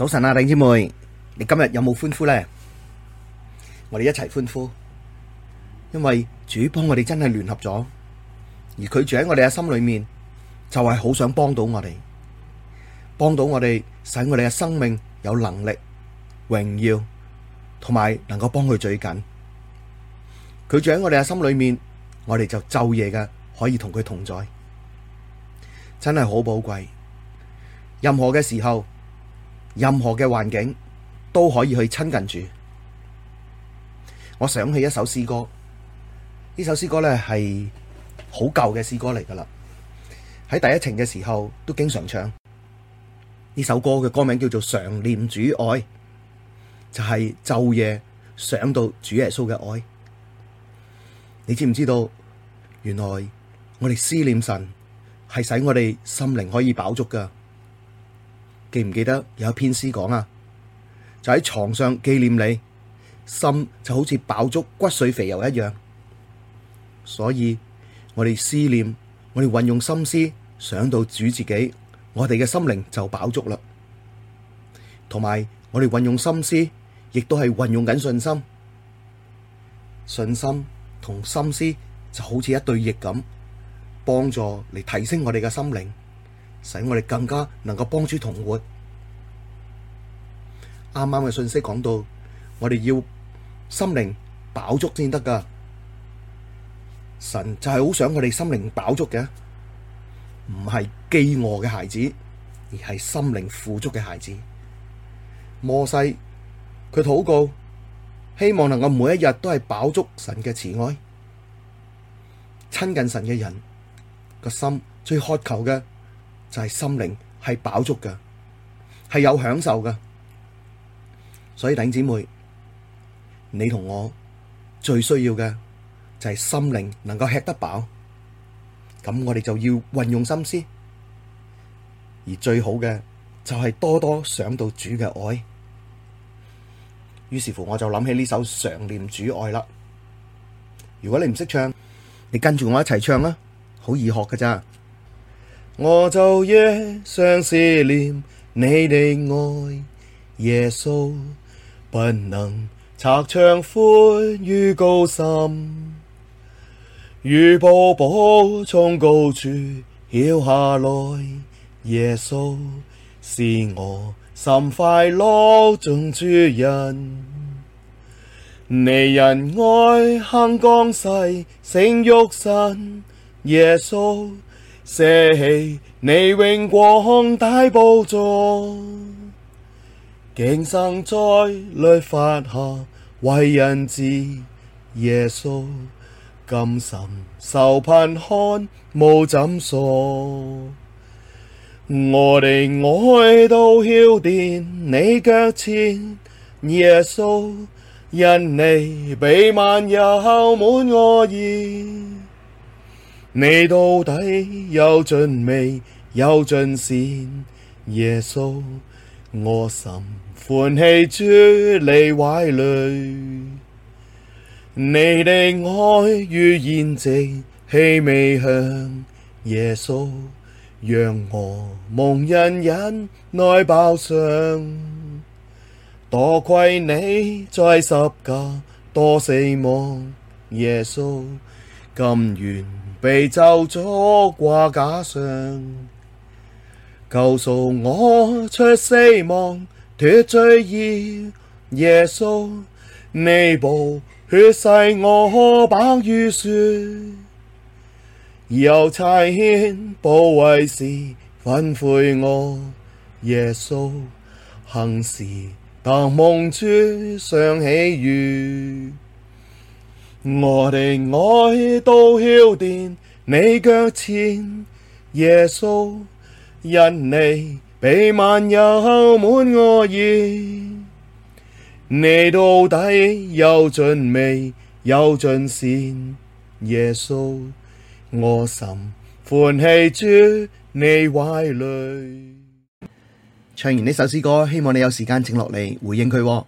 早晨啊，弟兄妹，你今日有冇歡呼咧？我哋一齊歡呼，因為主幫我哋真係聯合咗，而佢住喺我哋嘅心裏面，就係、是、好想幫到我哋，幫到我哋，使我哋嘅生命有能力、榮耀，同埋能夠幫佢最緊。佢住喺我哋嘅心裏面，我哋就晝夜嘅可以同佢同在，真係好寶貴。任何嘅時候。任何嘅環境都可以去親近住。我想起一首詩歌，呢首詩歌咧，係好舊嘅詩歌嚟噶啦。喺第一程嘅時候都經常唱呢首歌嘅歌名叫做《常念主愛》，就係晝夜想到主耶穌嘅愛。你知唔知道？原來我哋思念神係使我哋心靈可以飽足噶。記唔記得有一篇詩講啊？就喺床上紀念你，心就好似飽足骨髓肥油一樣。所以我哋思念，我哋運用心思想到主自己，我哋嘅心靈就飽足啦。同埋，我哋運用心思，亦都係運用緊信心，信心同心思就好似一對翼咁，幫助嚟，提升我哋嘅心靈。使我哋更加能夠幫主同活。啱啱嘅信息講到，我哋要心靈飽足先得㗎。神就係好想我哋心靈飽足嘅，唔係飢餓嘅孩子，而係心靈富足嘅孩子。摩西佢禱告，希望能夠每一日都係飽足神嘅慈愛，親近神嘅人個心最渴求嘅，就係心靈係飽足嘅，係有享受嘅，所以弟姊妹，你同我最需要嘅就係心靈能夠吃得飽，咁我哋就要運用心思，而最好嘅就係多多想到主嘅愛。於是乎，我就諗起呢首常念主愛啦。如果你唔識唱，你跟住我一齊唱啦，好易學㗎咋。我晝夜常思念你的愛，耶穌，不能測長闊與高深，如瀑布從高處澆下來，耶穌，耶穌使我心快樂頌主恩，你因愛，肯降世，成肉體耶穌。捨棄你榮光大寶座，竟生在律法下，為人子耶穌，甘心受貧寒，無枕所。我哋愛都澆奠你腳前，耶穌因你比萬有滿我意。你到底又盡美，又盡善，耶穌，我心歡喜住你懷裡。你的愛如筵席，氣味香，耶穌，讓我蒙恩人來飽嚐。多虧你在十架代死亡，耶穌，甘願。被咒詛掛架上，救贖我出死亡脫罪孽，耶穌，你寶血洗我白如雪，又差遣保惠師訓誨我，耶穌行事，得蒙主常喜悅。我的愛都澆奠，你腳前，耶穌！因你比萬有滿我意，你到底又盡美又盡善，耶穌！我心歡喜住你懷裡。唱完呢首詩歌，希望你有時間靜落嚟回應佢喎，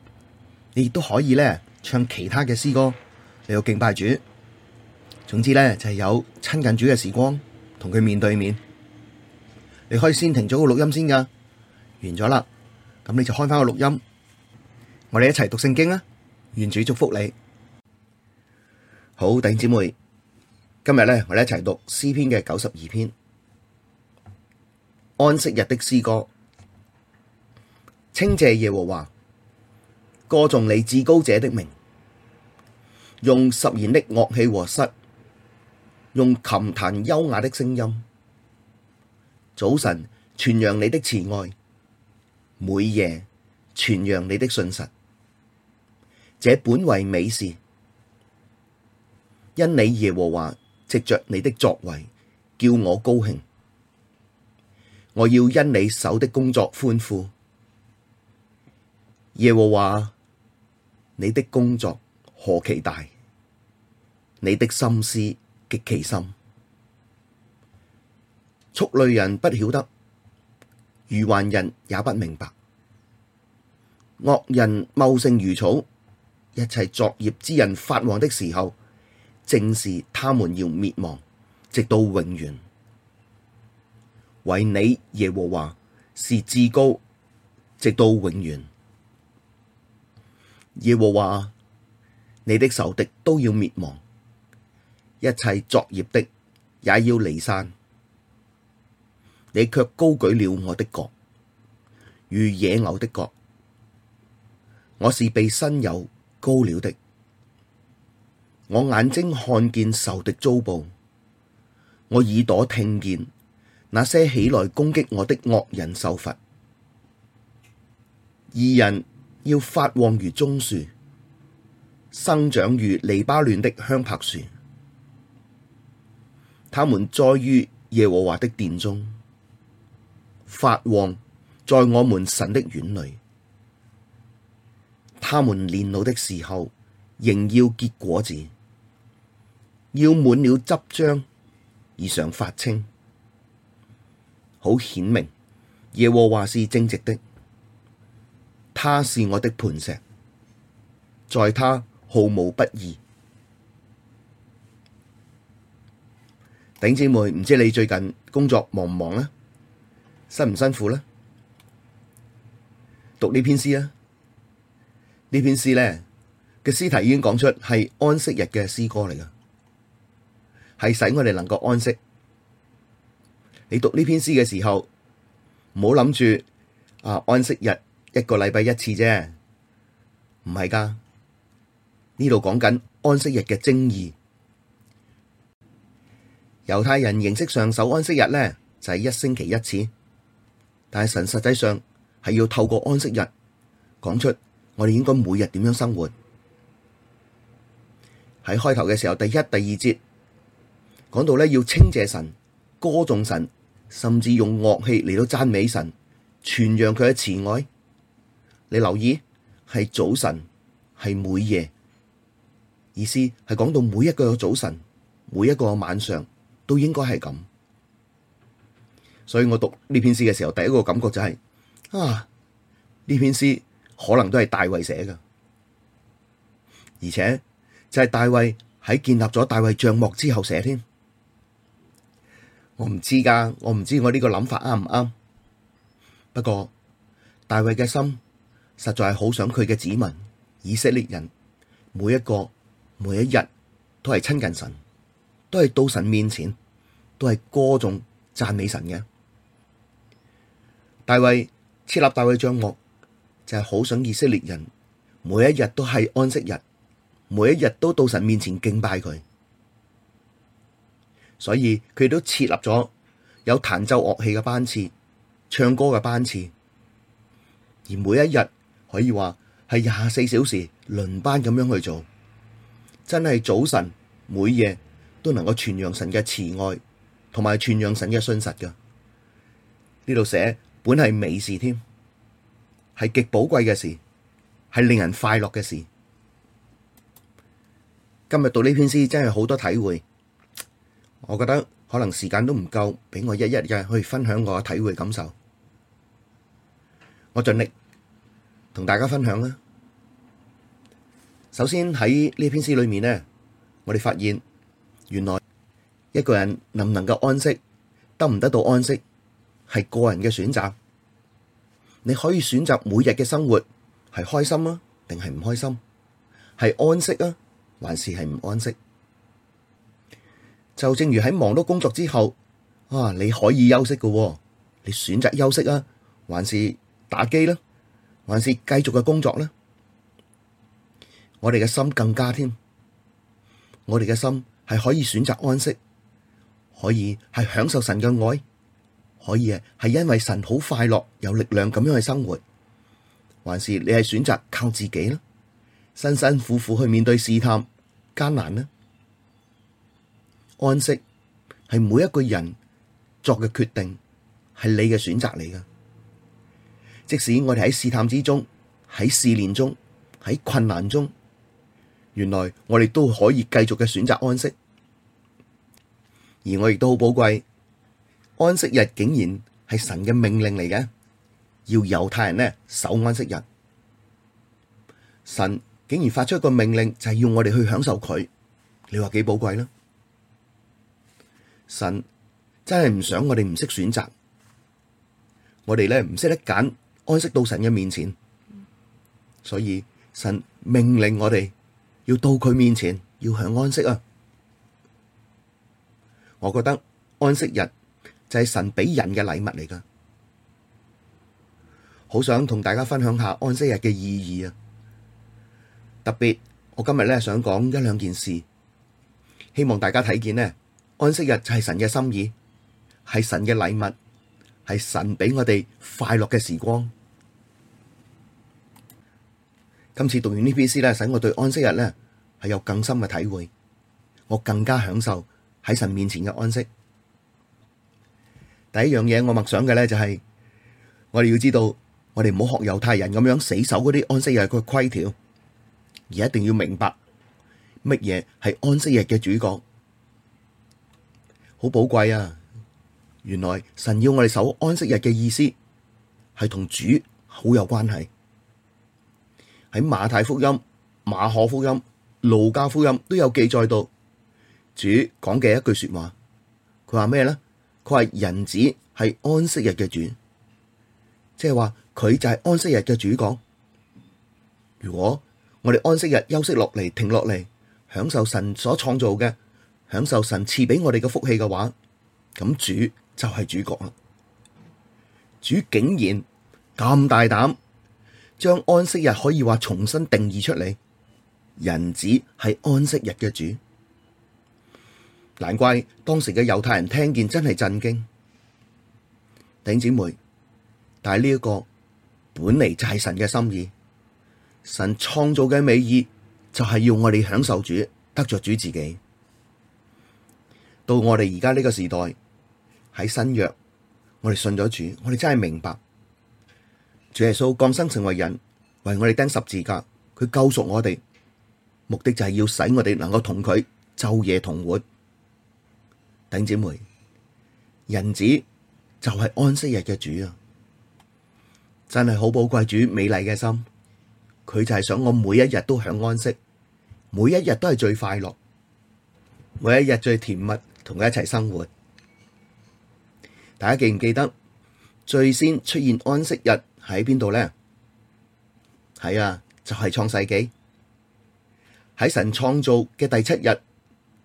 你亦都可以咧唱其他嘅詩歌。你要敬拜主，總之咧就係有親近主嘅時光，同佢面對面。你可以先停咗個錄音先噶，完咗啦，咁你就開翻個錄音，我哋一齊讀聖經啊！願主祝福你。好，弟兄姊妹，今日咧我哋一齊讀詩篇嘅九十二篇，安息日的詩歌，稱謝耶和華，歌頌你至高者的名。用十弦的樂器和瑟，用琴彈幽雅的聲音。早晨傳揚你的慈愛，每夜傳揚你的信實。這本為美事，因你耶和華藉着你的作為，叫我高興。我要因你手的工作歡呼，耶和華你的工作。何其大！你的心思極其深，畜類人不曉得，愚頑人也不明白。惡人茂盛如草，一切作孽之人發旺的時候，正是他們要滅亡，直到永遠。惟你耶和華是至高，直到永遠。耶和華。你的仇敵都要滅亡，一切作孽的也要離散。你卻高舉了我的角，如野牛的角。我是被新油膏了的。我眼睛看見仇敵遭報，我耳朵聽見那些起來攻擊我的惡人受罰。義人要發旺如棕樹。生長於利巴嫩的香柏樹，他們栽於耶和華的殿中，發旺在我們神的院裡。他們年老的時候，仍要結果子，要滿了汁漿，而常發青，好顯明耶和華是正直的，他是我的磐石，在他，毫無不義。頂姊妹，唔知你最近工作忙唔忙咧？辛唔辛苦咧？讀呢篇詩啊，呢篇詩咧嘅詩題已經講出係安息日嘅詩歌嚟噶，係使我哋能夠安息。你讀呢篇詩嘅時候，唔好諗住啊安息日一個禮拜一次啫，唔係噶。呢度講緊安息日嘅精義。猶太人形式上守安息日呢，就係、是、一星期一次，但係神實際上係要透過安息日講出我哋應該每日點樣生活。喺開頭嘅時候，第一、第二節講到呢，要稱謝神、歌頌神，甚至用樂器嚟到讚美神，傳揚佢嘅慈愛。你留意，係早晨，係每夜。意思係講到每一個早晨、每一個晚上都應該係咁，所以我讀呢篇詩嘅時候，第一個感覺就係啊，呢篇詩可能都係大衛寫噶，而且就係大衛喺建立咗大衛帳幕之後寫添。我唔知噶，我唔知我呢個諗法啱唔啱，不過大衛嘅心實在係好想佢嘅子民以色列人每一個。每一日都係親近神，都係到神面前，都係歌頌讚美神嘅。大衛設立大衛帳幕，就係好想以色列人每一日都係安息日，每一日都到神面前敬拜佢。所以佢都設立咗有彈奏樂器嘅班次、唱歌嘅班次，而每一日可以話係廿四小時輪班咁樣去做。真係早晨每夜都能夠傳揚神嘅慈愛，同埋傳揚神嘅信實噶。呢度寫本係美事添，係極寶貴嘅事，係令人快樂嘅事。今日讀呢篇詩真係好多體會，我覺得可能時間都唔夠，俾我一日嘅去分享我嘅體會感受。我盡力同大家分享啦。首先喺呢篇詩裏面呢，我哋發現原來一個人能唔能夠安息，得唔得到安息，係個人嘅選擇。你可以選擇每日嘅生活係開心啊，定係唔開心，係安息啊，還是係唔安息？就正如喺忙碌工作之後啊，你可以休息嘅，你選擇休息啊，還是打機咧、啊，還是繼續嘅工作呢、啊？我哋嘅心更加添，我哋嘅心係可以選擇安息，可以係享受神嘅愛，可以係因為神好快樂有力量咁樣去生活，還是你係選擇靠自己呢，辛辛苦苦去面對試探艱難呢？安息係每一個人作嘅決定，係你嘅選擇嚟噶。即使我哋喺試探之中，喺試煉中，喺困難中。原來我哋都可以繼續嘅選擇安息，而我亦都好寶貴安息日，竟然係神嘅命令嚟嘅，要猶太人呢守安息日。神竟然發出一個命令，就係要我哋去享受佢。你話幾寶貴啦？神真係唔想我哋唔識選擇，我哋咧唔識得揀安息到神嘅面前，所以神命令我哋。要到佢面前，要享安息啊！我覺得安息日就係神俾人嘅禮物嚟㗎，好想同大家分享下安息日嘅意義啊！特別我今日呢想講一兩件事，希望大家睇見呢，安息日就係神嘅心意，係神嘅禮物，係神俾我哋快樂嘅時光。今次讀完呢篇詩咧，使我對安息日咧係有更深嘅體會，我更加享受喺神面前嘅安息。第一樣嘢我默想嘅咧就係，我哋要知道，我哋唔好學猶太人咁樣死守嗰啲安息日嘅規條，而一定要明白乜嘢係安息日嘅主角。好寶貴啊！原來神要我哋守安息日嘅意思，係同主好有關係。喺馬太福音、馬可福音、路加福音都有記載到主講嘅一句說話，佢話咩咧？佢話人子係安息日嘅主，即係話佢就係安息日嘅主講。如果我哋安息日休息落嚟，停落嚟，享受神所創造嘅，享受神賜俾我哋嘅福氣嘅話，咁主就係主角啦。主竟然咁大膽！將安息日可以話重新定義出嚟，人子係安息日嘅主，難怪當時嘅猶太人聽見真係震驚。頂姐妹，但係呢一個本嚟就係神嘅心意，神創造嘅美意就係要我哋享受主，得着主自己。到我哋而家呢個時代喺新約，我哋信咗主，我哋真係明白。主耶穌降生成為人，為我哋釘十字架，佢救贖我哋，目的就係要使我哋能夠同佢晝夜同活。弟兄姊妹，人子就係安息日嘅主啊！真係好寶貴，主美麗嘅心，佢就係想我每一日都享安息，每一日都係最快樂，每一日最甜蜜，同佢一齊生活。大家記唔記得最先出現安息日？喺邊度咧？係啊，就係創世紀。喺神創造嘅第七日，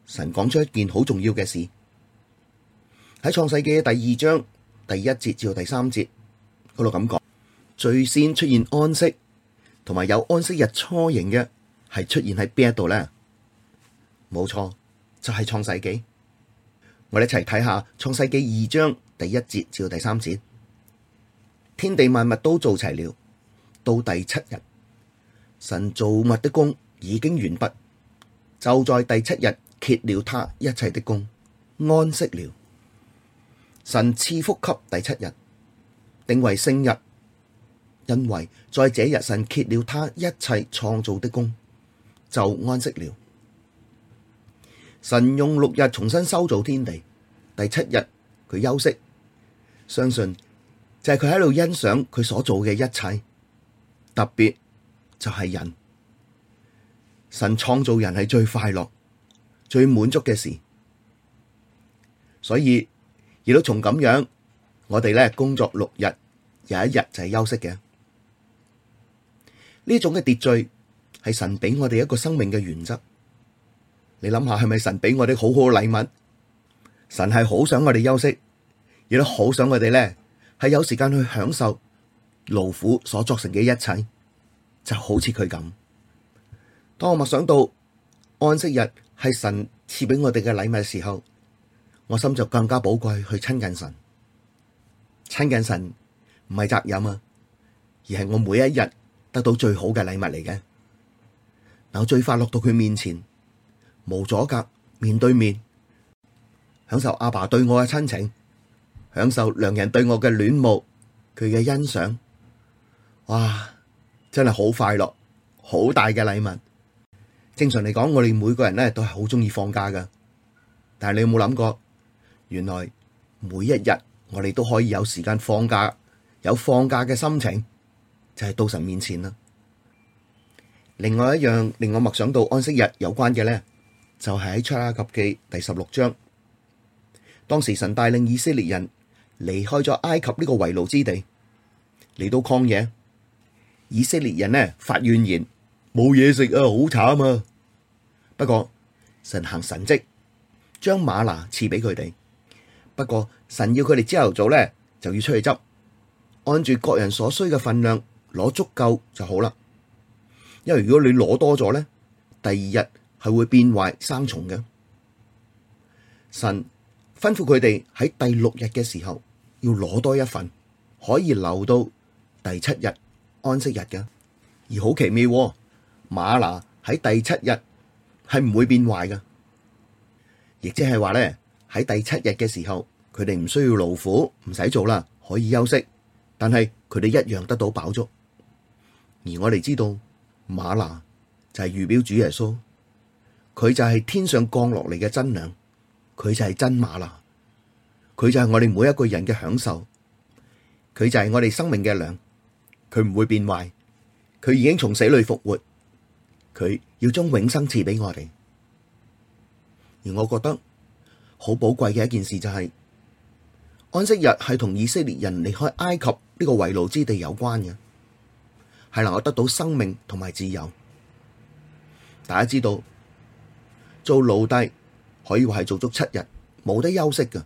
神講出一件好重要嘅事。喺創世紀嘅第二章第一節至到第三節嗰度咁講，最先出現安息，同埋有安息日初形嘅，係出現喺邊一度咧？冇錯，就係創世紀。我哋一齊睇下創世紀二章第一節至到第三節。天地萬物都做齊了，到第七日，神造物的工已經完畢，就在第七日歇了他一切的工，安息了。神賜福給第七日，定為聖日，因為在這日神歇了他一切創造的工，就安息了。神用六日重新修造天地，第七日佢休息，相信。就係佢喺度欣賞佢所做嘅一切，特別就係人。神創造人係最快樂、最滿足嘅事。所以亦都從咁樣，我哋咧工作六日，有一日就係休息嘅。呢種嘅秩序係神俾我哋一個生命嘅原則。你諗下係咪神俾我哋好好嘅禮物？神係好想我哋休息，亦都好想我哋咧。係有時間去享受勞苦所作成嘅一切，就好似佢咁。當我默想到安息日係神賜畀我哋嘅禮物嘅時候，我心就更加寶貴去親近神。親近神唔係責任啊，而係我每一日得到最好嘅禮物嚟嘅。但我最快樂到佢面前，無阻隔，面對面，享受阿爸對我嘅親情。享受良人對我嘅戀慕，佢嘅欣賞，哇，真係好快樂，好大嘅禮物。正常嚟講，我哋每個人呢都係好鍾意放假噶，但係你有冇諗過，原來每一日我哋都可以有時間放假，有放假嘅心情，就係到神面前啦。另外一樣令我默想到安息日有關嘅呢，就係喺出埃及記第十六章，當時神帶領以色列人。離開咗埃及呢個為奴之地，嚟到曠野，以色列人呢發怨言，冇嘢食啊，好慘啊！不過神行神蹟，將嗎哪賜俾佢哋。不過神要佢哋朝頭早呢就要出去執，按住各人所需嘅份量攞足夠就好啦。因為如果你攞多咗呢，第二日係會變壞生蟲嘅。神吩咐佢哋喺第六日嘅時候。要攞多一份，可以留到第七日安息日嘅。而好奇妙、哦，馬拿喺第七日係唔會變壞嘅，亦即係話咧，喺第七日嘅時候，佢哋唔需要勞苦，唔使做啦，可以休息。但係佢哋一樣得到飽足。而我哋知道馬拿就係預表主耶穌，佢就係天上降落嚟嘅真糧，佢就係真馬拿。佢就係我哋每一個人嘅享受，佢就係我哋生命嘅糧，佢唔會變壞，佢已經從死裏復活，佢要將永生賜俾我哋。而我覺得好寶貴嘅一件事就係、是、安息日係同以色列人離開埃及呢個為奴之地有關嘅，係能夠得到生命同埋自由。大家知道做奴隸可以話係做足七日冇得休息噶。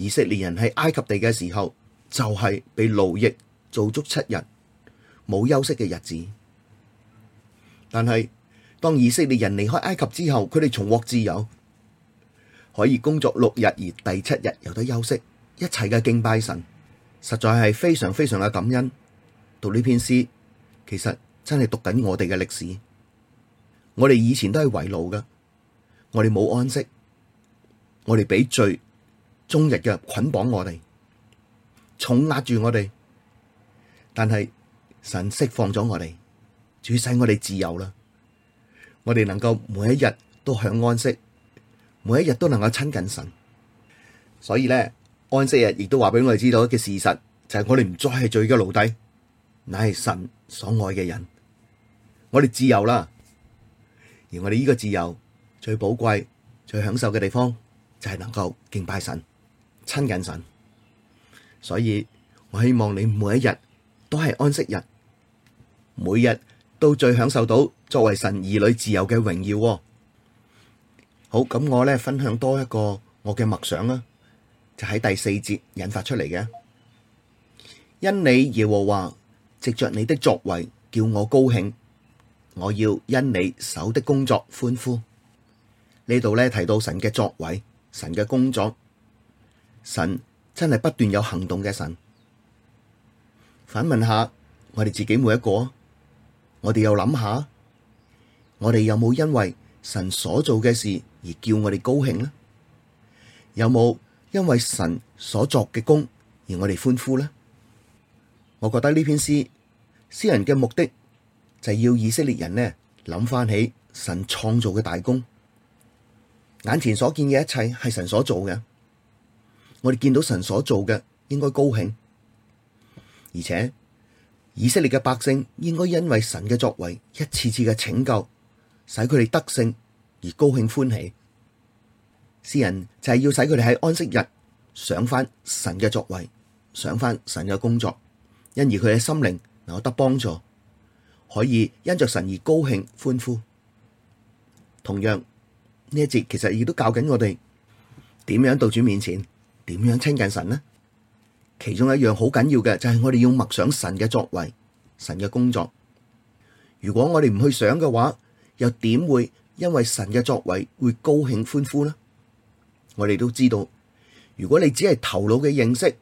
以色列人喺埃及地嘅時候，就係被奴役做足七日冇休息嘅日子。但係當以色列人離開埃及之後，佢哋重獲自由，可以工作六日而第七日又得休息。一切嘅敬拜神，實在係非常非常嘅感恩。讀呢篇詩，其實真係讀緊我哋嘅歷史。我哋以前都係為奴噶，我哋冇安息，我哋俾罪終日嘅捆綁我哋，重壓住我哋，但係神釋放咗我哋，主使我哋自由啦，我哋能夠每一日都享安息，每一日都能夠親近神。所以咧，安息日亦都話俾我哋知道嘅事實，就係我哋唔再係罪嘅奴隸，乃係神所愛嘅人。我哋自由啦，而我哋呢個自由最寶貴、最享受嘅地方，就係能夠敬拜神。親近神。所以我希望你每一日都係安息日，每日都最享受到作為神兒女自由嘅榮耀哦。好，咁我呢分享多一個我嘅默想啊，就喺第四節引發出嚟嘅。神真係不斷有行動嘅神。反問下我哋自己每一個，我哋又諗下，我哋有冇因為神所做嘅事而叫我哋高興呢？有冇因為神所作嘅功而我哋歡呼呢？我覺得呢篇詩詩人嘅目的就係要以色列人呢諗翻起神創造嘅大功，眼前所見嘅一切係神所做嘅。我哋見到神所做嘅，應該高興，而且以色列嘅百姓應該因為神嘅作為一次次嘅拯救，使佢哋得勝而高興歡喜。詩人就係要使佢哋喺安息日想翻神嘅作為，想翻神嘅工作，因而佢嘅心靈能夠得幫助，可以因着神而高興歡呼。同樣呢一節其實亦都教緊我哋點樣到主面前。點樣親近神呢？其中一樣好緊要嘅就係我哋要默想神嘅作為，神嘅工作。如果我哋唔去想嘅話，又點會因為神嘅作為會高興歡呼呢？我哋都知道，如果你只係頭腦嘅認識，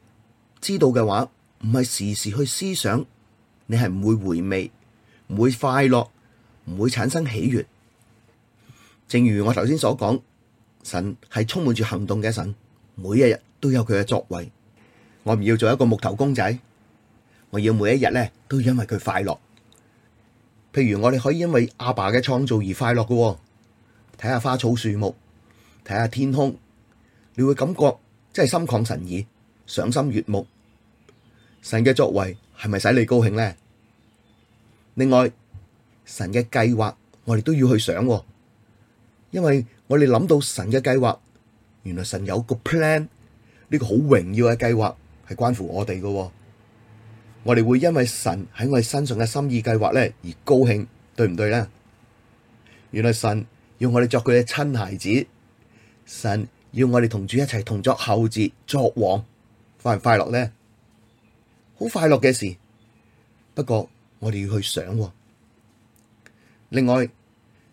知道嘅話，唔係時時去思想，你係唔會回味，唔會快樂，唔會產生喜悅。正如我頭先所講，神係充滿住行動嘅神，每一日，都有佢嘅作為，我唔要做一個木頭公仔，我要每一日咧都因為佢快樂。譬如我哋可以因為阿爸嘅創造而快樂嘅。哦，睇下花草樹木，睇下天空，你會感覺真係心曠神怡、賞心悅目。神嘅作為係咪使你高興呢？另外，神嘅計劃我哋都要去想。哦，因為我哋諗到神嘅計劃，原來神有個 plan。呢個好榮耀嘅計劃係關乎我哋嘅，我哋會因為神喺我哋身上嘅心意計劃咧而高興，對唔對咧？原來神要我哋作佢嘅親孩子，神要我哋同主一齊同作後嗣、作王，快唔快樂咧？好快樂嘅事，不過我哋要去想。另外，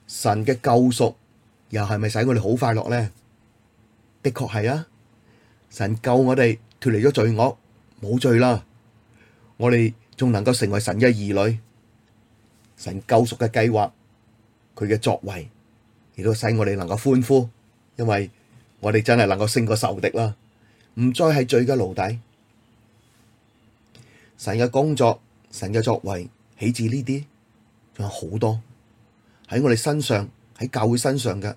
神嘅救贖又係咪使我哋好快樂咧？的確係啊。神救我哋脫離咗罪惡，冇罪啦，我哋仲能夠成為神嘅兒女。神救贖嘅計劃，佢嘅作為，亦都使我哋能夠歡呼，因為我哋真係能夠勝過仇敵啦，唔再係罪嘅奴隸。神嘅工作，神嘅作為，豈止呢啲？仲有好多喺我哋身上，喺教會身上嘅，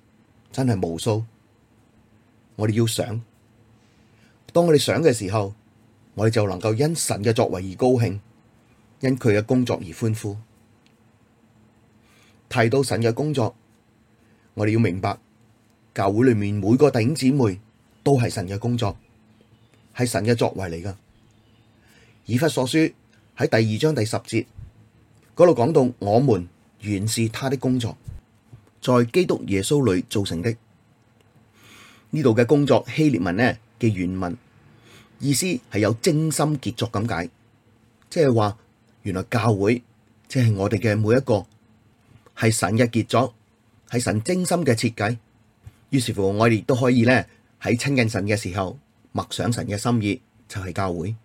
真係無數。我哋要想。當我哋想嘅時候，我哋就能夠因神嘅作為而高興，因佢嘅工作而歡呼。提到神嘅工作，我哋要明白，教會裏面每個弟兄姊妹都係神嘅工作，係神嘅作為嚟㗎。以弗所書喺第二章第十節嗰度講到，我們原是他的工作，在基督耶穌裏造成的。呢度嘅工作，希臘文呢？嘅原文意思係有精心傑作咁解，即係話原來教會即係、就是、我哋嘅每一個係神嘅傑作，係神精心嘅設計。於是乎，我哋都可以咧喺親近神嘅時候默想神嘅心意，就係、是、教會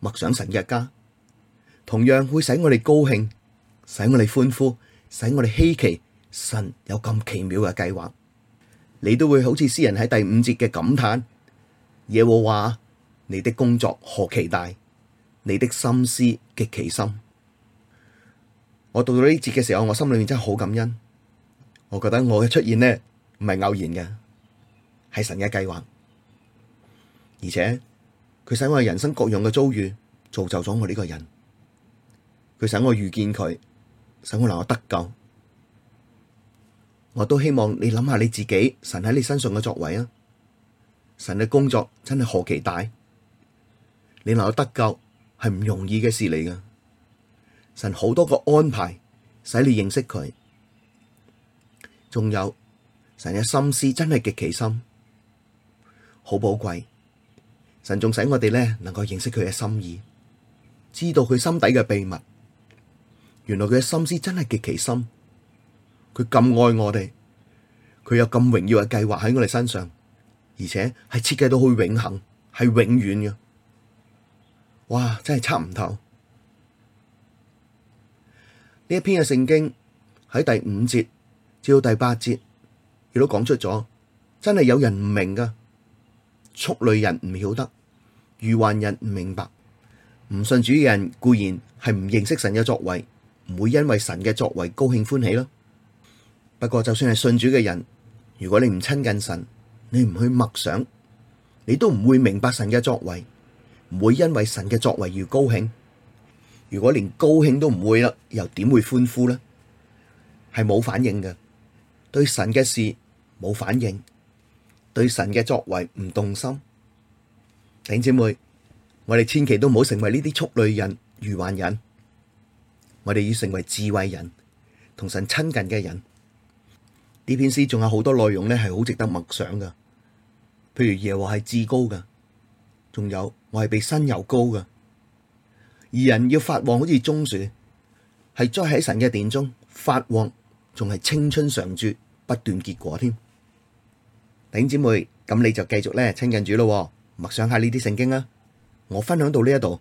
默想神嘅家，同樣會使我哋高興，使我哋歡呼，使我哋稀奇神有咁奇妙嘅計劃。你都會好似詩人喺第五節嘅感嘆。耶和華啊，你的工作何其大，你的心思極其深。我讀到呢節嘅時候，我心裏面真係好感恩。我覺得我嘅出現呢，唔係偶然嘅，係神嘅計劃。而且佢使我人生各樣嘅遭遇造就咗我呢個人。佢使我遇見佢，使我能夠得救。我都希望你諗下你自己，神喺你身上嘅作為啊！神嘅工作真係何其大，你能夠得救係唔容易嘅事嚟噶。神好多個安排使你認識佢，仲有神嘅心思真係極其深，好寶貴。神仲使我哋呢能夠認識佢嘅心意，知道佢心底嘅秘密。原來佢嘅心思真係極其深，佢咁愛我哋，佢有咁榮耀嘅計劃喺我哋身上。而且係設計到去永恒，係永遠嘅。哇，真係測唔透呢一篇嘅聖經喺第五節至到第八節，亦都講出咗，真係有人唔明噶，畜類人唔曉得，愚頑人唔明白，唔信主嘅人固然係唔認識神嘅作為，唔會因為神嘅作為高興歡喜咯。不過就算係信主嘅人，如果你唔親近神。你唔去默想，你都唔會明白神嘅作為，唔會因為神嘅作為而高興。如果連高興都唔會啦，又點會歡呼呢？係冇反應嘅，對神嘅事冇反應，對神嘅作為唔動心。頂姐妹，我哋千祈都唔好成為呢啲畜類人、愚頑人。我哋要成為智慧人，同神親近嘅人。呢篇詩仲有好多內容呢，係好值得默想噶。譬如耶和華是至高嘅，仲有我係被新油膏嘅，而人要發旺好似棕樹，係栽喺神嘅殿中發旺，仲係青春常駐，不斷結果添。弟兄姊妹，咁你就繼續咧親近主咯，默想下呢啲聖經啦。我分享到呢一度，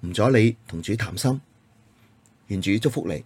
唔阻你同主談心，願主祝福你。